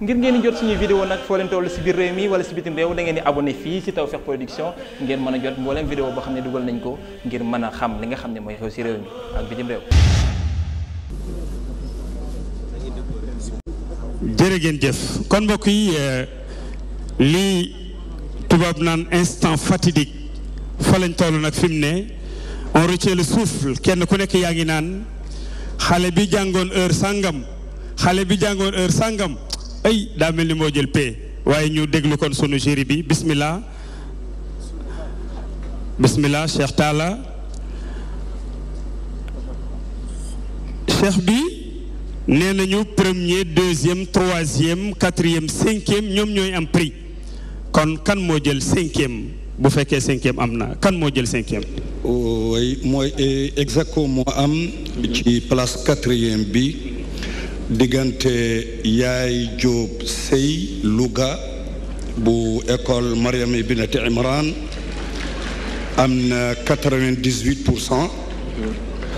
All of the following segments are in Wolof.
ngir ngeen di jot suñuy vidéo nag foo toll si biir réew mi wala si bitim réew da ngeen di abonné fii si Tawfekh Production ngeen mën a jot mbooleem vidéo boo xam ne dugal nañ ko ngir mën a xam li nga xam ne mooy xew si réew mi ak bitim réew jërë ngeen jëf kon mbokk yi euh, lii tubaab naan instant fatidique fa lañ toll nag fi mu ne on retient le kenn ku nekk yaa ngi naan xale bi jàngoon heure sàngam xale bi jàngoon heure sàngam ay daa moo jël pee waaye ñu déglu kon sunu jury bi bismillah bismillah Cheikh Talla cheikh bi nee nañu premier deuxième troisième quatrième cinquième ñoom ñooy am prix kon kan moo jël cinquième bu fekkee cinquième am na kan moo jël cinquième. oui mooy eh, exactement am ci place quatrième bi. diggante yaay jóob sëy Louga bu école Mariam Ibnati Imran am na 98 pour cent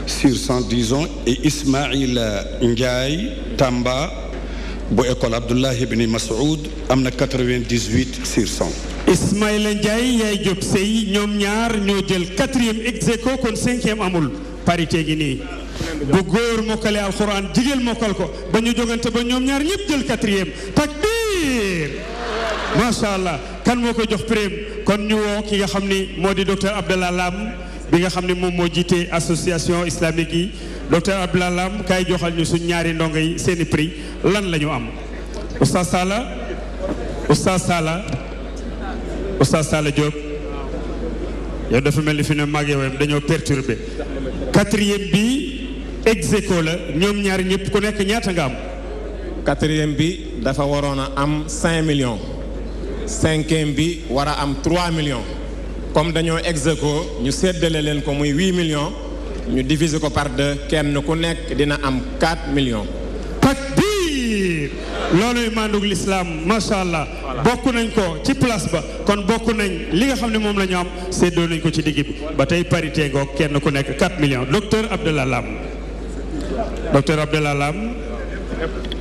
sur 100 disons et Ismaïla Ndiaye Tamba bu école Abdoulahi Ibn Masoud am na 98 Ismaïla Ndiaye yaay jóob sëy ñoom ñaar ñoo jël quatrième ex aequo kon amul parité gi nii. bu góor mokkale alxuraan jigéen mokkal ko ba ñu jogante ba ñoom ñaar ñëpp jël quatrième takbir macha allah kan moo koy jox prime kon ñu woo ki nga xam ni moo di docteur Abdallah Lam bi nga xam ne moom moo jiite association islamique yi docteur Abdallah Lam kaay joxal ñu suñ ñaari ndongo yi seeni i prix lan lañu am oustaz Sala oustaz Sala oustaz yow dafa mel ni fi ne mag yowem dañoo perturbé quatrième bi ex aequo la ñoom ñaar ñëpp ku nekk ñaata nga am. quatrième bi dafa waroon a am cinq million cinquième bi war a am trois millions. comme dañoo ex aequo ñu seddale leen ko muy huit millions ñu diviser ko par de kenn ku nekk dina am quatre millions. takbir looluy mandug lislaam macha allah. bokk nañ ko ci place ba kon bokk nañ li nga xam ne moom la ñu am séddoo nañ ko ci digg bi ba tey parité ngoog kenn ku nekk 4 millions docteur Abdallah Lam. docteur Abdallah Lam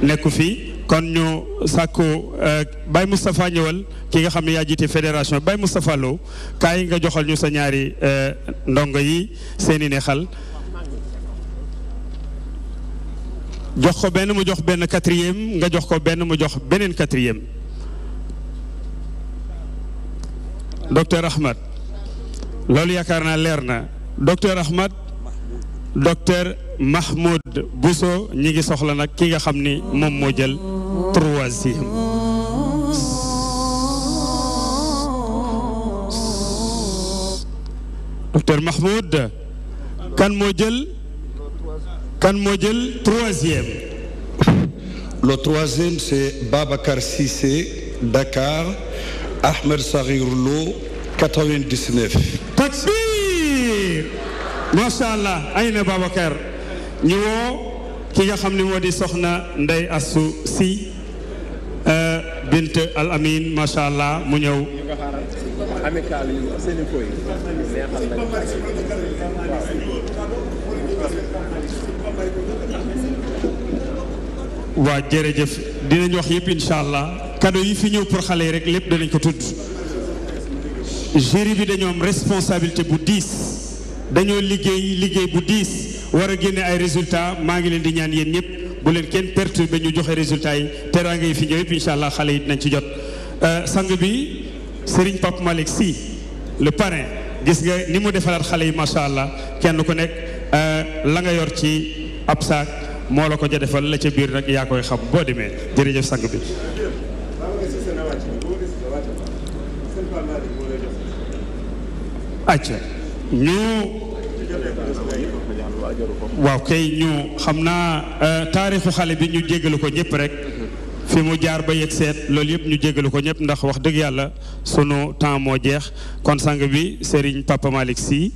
nekku fi kon ñu sàkku euh, Baye Moustapha ñëwal ki nga xam ne yaa jiite fédération Baye Moustapha Lo kaay nga joxal ñu sa ñaari euh, ndongo yi seeni neexal jox ko benn mu jox benn quatrième nga jox ko benn mu jox beneen quatrième docteur Ahmad loolu yaakaar naa leer na docteur Ahmad docteur Mahmoud Bousso ñi ngi soxla nag ki nga xam ni moom moo jël troisième docteur Mahmoud kan moo jël moo jël troisième le troisième c'est Babacar Cissé Dakar Ahmed Sarir Lo 99 Takbir macha allah ay Babacar ñu woo ki nga xam ne moo di soxna Ndey Assu Si euh, bint Al Amin macha allah mu ñëw. waa jërëjëf dinañ wax yëpp incha allah cadeau yi fi ñëw pour xale yi rek lépp danañ ko tudd jury bi dañoo am responsabilité bu diis. dañoo liggéey liggéey bu diis war a génne ay résultats maa ngi leen di ñaan yéen ñëpp bu leen kenn perte ba ñu joxe résultat yi teraanga yi fi ñëw yëpp incha allah xale yi dinañ ci jot. Euh, sang bi Serigne Pape malek si le parrain gis nga ni mu defaraat xale yi macha allah kenn ku nekk euh, la nga yor ci ab saak moo la ko ja defal la ca biir nag yaa koy xam boo demee jërëjëf sang bi. acca ñu waaw kay ñu xam naa euh, taarixu xale bi ñu jégalu ko ñëpp rek fi mu jaar ba yegg seet loolu yëpp ñu jégalu ko ñëpp ndax wax dëgg yàlla sunu temps moo jeex kon sang bi Serigne Papa si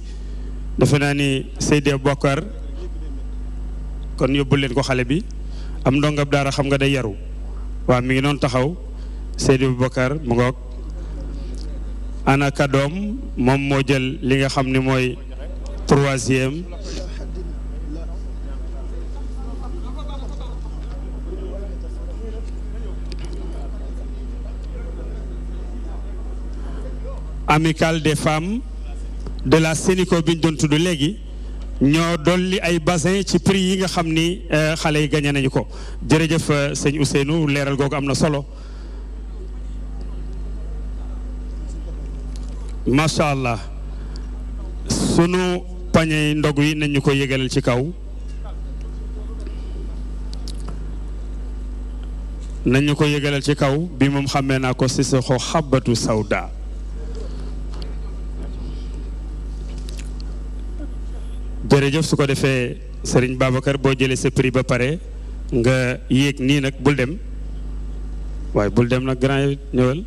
defe naa ni Seydi bokkar kon yóbbu leen ko xale bi am ndongab daara xam nga day yaru waaw mi ngi noonu taxaw Seydi Bokar mu ngoog ana doom moom moo jël li nga xam ni mooy troisième amicale des femmes de la Sénico bi ñu doon léegi ñoo dolli ay bassin ci prix yi nga xam ni euh, xale yi gañe nañu ko jërëjëf euh, sëñ Ousseynou leeral googu am na solo macha allah sunu pañe ndog yi nañu ko yëgalal ci kaw nañu ko yëgalal ci kaw bi moom xamee naa ko Sissoko xabatu sawda jërëjëf su ko defee Serigne Babacar boo jëlee sa prix ba pare nga yéeg nii nag bul dem waaye bul dem nag grand ñëwal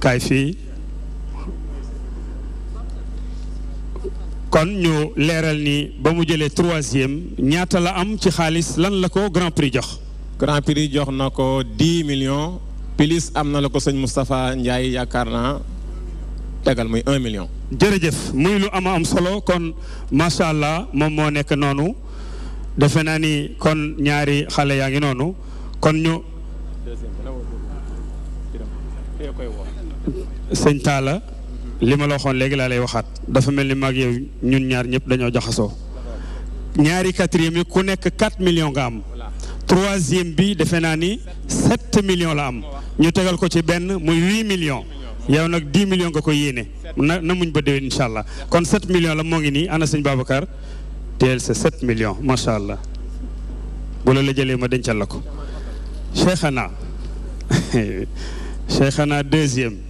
kaay fii kon ñu leeral ni ba mu jëlee troisième ñaata la am ci xaalis lan la ko grand prix jox. grand prix jox na ko dix millions pilis am na la ko sëñ Moustapha Ndiaye yaakaar na tegal muy un million. jërëjëf muy lu ama am solo kon macha allah moom moo nekk noonu defe naa ni kon ñaari xale yaa ngi noonu kon ñu. sëñ Talla. li ma la waxoon léegi laa lay waxaat dafa mel ni maag yow ñun ñaar ñëpp dañoo jaxasoo ñaari quatrième yi ku nekk 4 millions nga am troisième bi defe naa ni set million la am ñu tegal ko ci benn muy 8 million yow nag 10 million nga ko yéene na na muñ ba déwén incha allah kon 7 million la moo ngi nii ana sëñ Babacar teel sa 7 million macha allah bu la jëlee ma dencal la ko Cheikhana Cheikhana deuxième.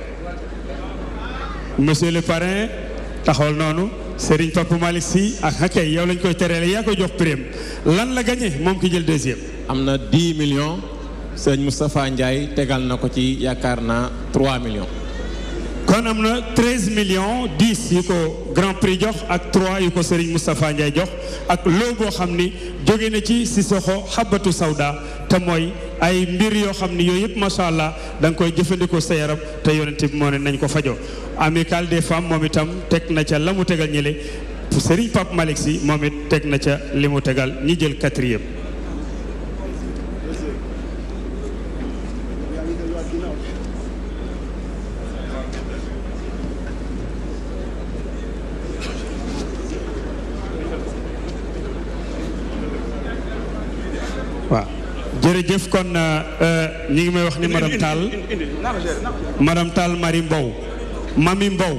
monsieur le parrain taxawal noonu Serigne Papa Malick si ak xakay yow lañ koy teree yaa koy jox prime lan la gagné moom ki jël deuxième. am na 10 millions sëñ Moustapha Ndiaye tegal na ko ci yaakaar na 3 millions. kon am na 13 millions 10 yu ko Grand Prix jox ak 3 yu ko Serigne Moustapha Ndiaye jox ak loo boo xam ni jóge na ci si Sissoko xabatu sawda ta mooy ay mbir yoo xam ni yooyu yëpp macha allah da koy jëfandikoo sa yaram te yonent bi moo ne nañ ko fajoo amicale des femmes moom itam teg na ca la mu tegal ñële Serigne Pape Malick si moom it teg na ca li mu tegal ñi jël quatrième jëf kon euh, euh, ñu ngi may wax ni madame Tall madame Mbow Mami Mbow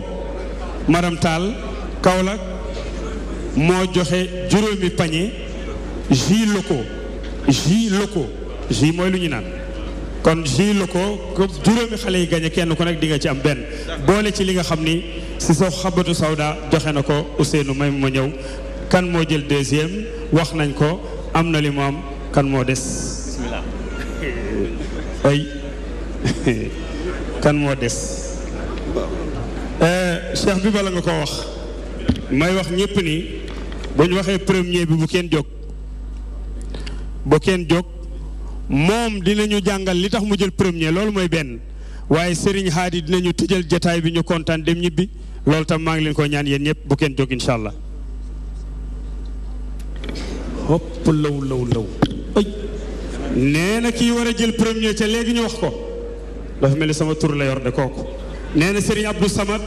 madame Tall Kaolack moo joxe juróomi pañe jus locaux jus mooy lu ñu naan kon jus locaux juróomi xale yi gañe kenn ku nekk di nga ci am benn boole ci li nga xam ni si soo xabatu sawda joxe na ko Ousseynou may ma ñëw kan moo jël deuxième wax nañ ko am na li mu am kan moo des bismillah ay kan moo des euh, cheikh bi bala nga ko wax may wax ñëpp ni bu ñu waxee premier bi bu kenn jog bu kenn jóg moom dina dinañu jàngal li tax mu jël premier loolu mooy benn waaye xaa Serigne dina dinañu tëjal jataay bi ñu kontaan dem ñibbi loolu tam maa ngi leen koo ñaan yéen ñëpp bu kenn jóg incha allah. hopp law nee na kii war a jël premier ca léegi ñu wax ko dafa mel ni sama tur la yor de kooku nee na Serigne Abdou Samad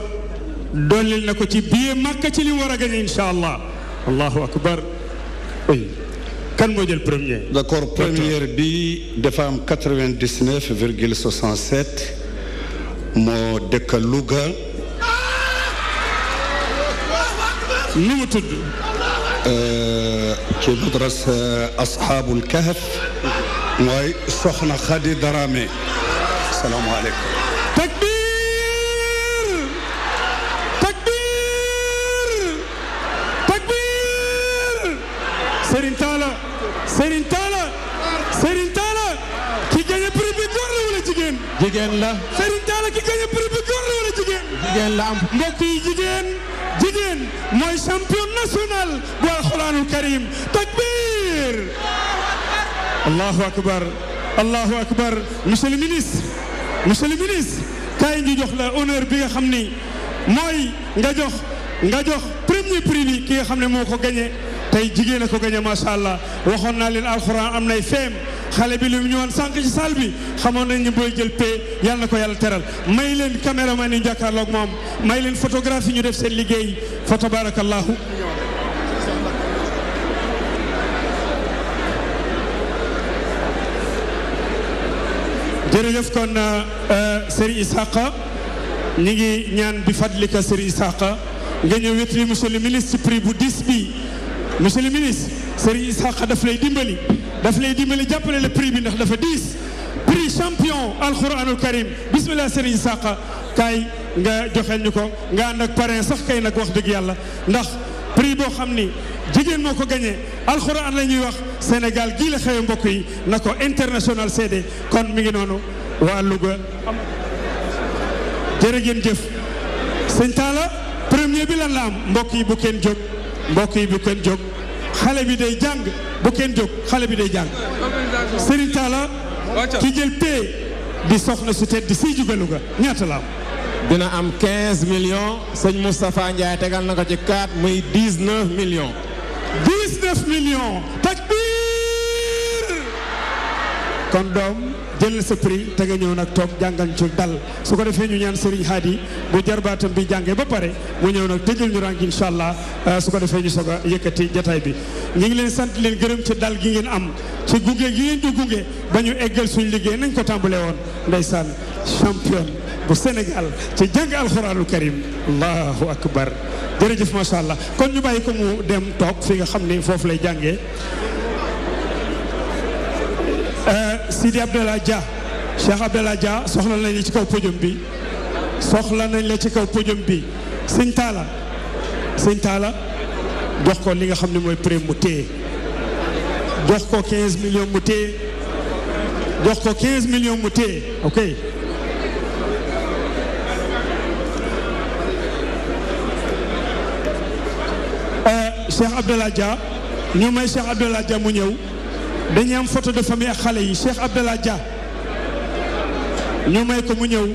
dollil na ko ci biir Makka ci li mu war a gagné incha allah allahu akbar kan moo jël premier. d'accord première bi dafa am 99 virgule 67 moo dëkk Louga. nu mu tudd. Euh, ci madrasa asxaabul kahf. mooy soxna Khady Darame salaamaaleykum. takbir takbir takbir Serigne Talla ki gañe bi góor wala jigéen. jigéen la. Serigne Talla ki gañe prix bi góor karim takbir. allahu akbar allahu akbar monsieur le ministre monsieur le ministre kaay ñu jox la honneur bi nga xam ni mooy nga jox nga jox premier prix bi ki nga xam ne moo ko gagné tey jigéen a ko gagné macha allah waxoon naa leen alxuraan am nay feem xale bi lu mu ñëwoon sànq ci salle bi xamoon nañ ni booy jël pay yàlla na ko yàlla teral may leen caméraman yi jàkkaarloog moom may leen photographie ñu def seen liggéey fa tabarakallahu jërëjëf kon euh, Serigne Isaka ñi ngi ñaan bi fadlika Serigne Isaka nga ñëw wetli monsieur ministre prix bu diis bi monsieur le ministre Serigne Isaka daf lay dimbali daf lay dimbali jàppale le prix bi ndax dafa diis pris champion alquranul karim bismillah Serigne Isaka kaay nga joxel ñu ko nga ànd ak sax kay nag wax dëgg yàlla ndax prix boo xam ni jigéen moo ko gagné alxuraan la ñuy wax Sénégal gii la xëy mbokk yi na ko international seede kon mi ngi noonu waa Louga am jërë ngeen jëf sëñ Talla premier bi lan la am mbokk yi bu kenn jóg mbokk yi bu kenn jóg xale bi day jàng bu kenn jóg xale bi day jàng Serigne Talla ki di soxna su tedd di siy jugalu ga ñaata la na am 15 millions sëñ Moustapha tegal na ko ci 4 muy 19 million 19 millions. takbir. kon doom jël sa prix te nga ñëw nag toog jàngal ci dal su ko defee ñu ñaan Serigne Hadi bu jarbaatam bi jàngee ba pare mu ñëw nag tëjal ñu rang incha allah euh, su ko defee ñu soog a yëkkati jataay bi. ñu ngi leen sant leen gërëm ci dal gi ngeen am ci gunge gi ngeen di gunge ba ñu eggal suñu liggéey nañ ko tàmbalee woon ndeysaan champion. bu Sénégal ci jàng alxuraanul karim allahu akbar jërëjëf macha allah kon ñu bàyyi ko mu dem toog fi nga xam ni foofu lay jànge euh, Sidi Abdallah Dia Cheikh Abdallah Dia soxla nañ la ci kaw podium bi soxla nañ la ci kaw podium bi sëñ Talla sëñ Talla jox ko li nga xam ne mooy prix mu téye jox ko 15 millions mu téye jox ko 15 millions mu téye ok. Cheikh Abdallah Dia ñu may Cheikh Abdallah Dia mu ñëw dañuy am photo de famille ak xale yi Cheikh Abdallah Dia ñu may ko mu ñëw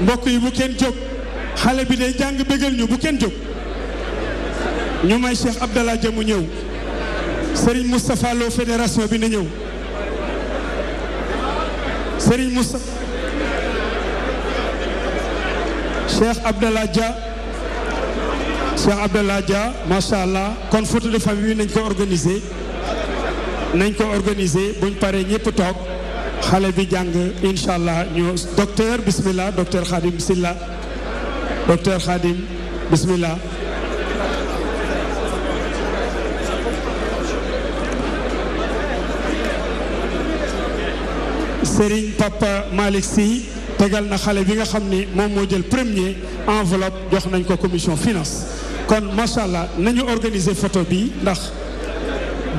mbokk yi bu kenn jóg xale bi day jàng bégal ñu bu kenn jóg ñu may Cheikh Abdallah Dia mu ñëw Serigne Moustapha Lo fédération bi na ñëw Serigne Moustapha Abdallah Dia Cheikh Abdallah Dia macha allah kon photo de famille nañ ko organiser nañ ko organiser buñ paree ñëpp toog xale bi jàng incha allah ñu docteur bismillah docteur Khadim Silla docteur Khadim bismillah Serigne Papa Malick Sy tegal na xale bi nga xam ni moom moo jël premier enveloppe jox nañ ko commission finance kon macha allah nañu organiser photo bi ndax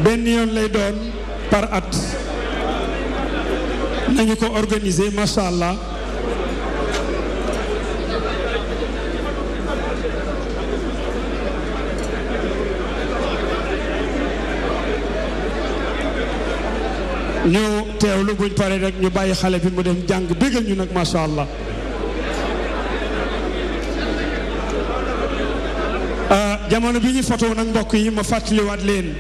benn yoon lay doon par at nañu ko organise macha allah ñu teewlu buñ paree rek ñu bàyyi xale bi mu dem jàng bégal ñu nag macha allah. jamono bi ñuy foto nag mbokk yi ma fàttaliwaat leen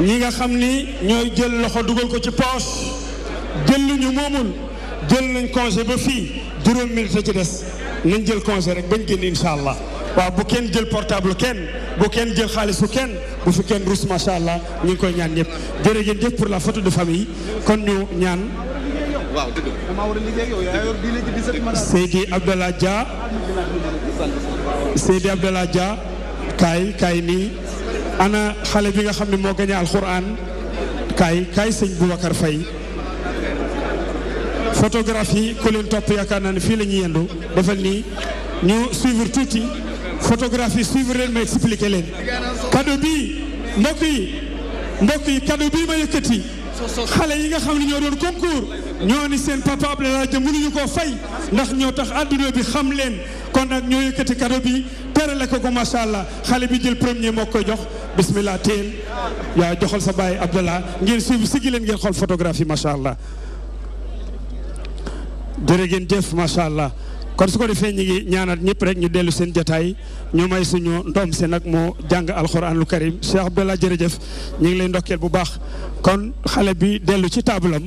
ñi nga xam ni ñooy jël loxo dugal ko ci poos jël lu ñu moomul jël nañ congé ba fii juróom minute ci des nañ jël congé rek bañ génn incha allah waaw bu kenn jël portable kenn bu kenn jël xaalisu kenn bu fi kenn rus macha allah ñu ngi koy ñaan ñëpp jërë ngeen jëf pour la photo de famille kon ñu ñaan. waaw dëgg la. Seydi kaay kaay nii ana xale bi nga xam ne moo gañe alxuraan kaay kaay sëñ Boubacar Faye photographie ku leen topp yaakaar naa ne fii la ñuy yendu defal nii ñu suivre tuuti photographie suivre leen ma expliquer leen cadeau bii mbokk yi mbokk yi cadeau bii ma yëkkati xale yi nga xam ne ñoo doon concours ñoo ni seen papa Abdoulaye Dia mënuñu koo fay ndax ñoo tax àdduna bi xam leen kon nag ñoo yëkkati kado bi terale ko ko macha allah xale bi jël premier moo koy jox bismillah téel yaa joxal sa baay Abdallah ngeen suuf sigi leen ngeen xool photographie macha allah jërë ngeen jëf macha allah kon su ko defee ñu ngi ñaanal ñëpp rek ñu dellu seen jataay ñu may suñu ndoom si nag moo jàng alxuraanul karim Cheikh Abdallah jërëjëf ñu ngi lay ndokkeel bu baax kon xale bi dellu ci taabulam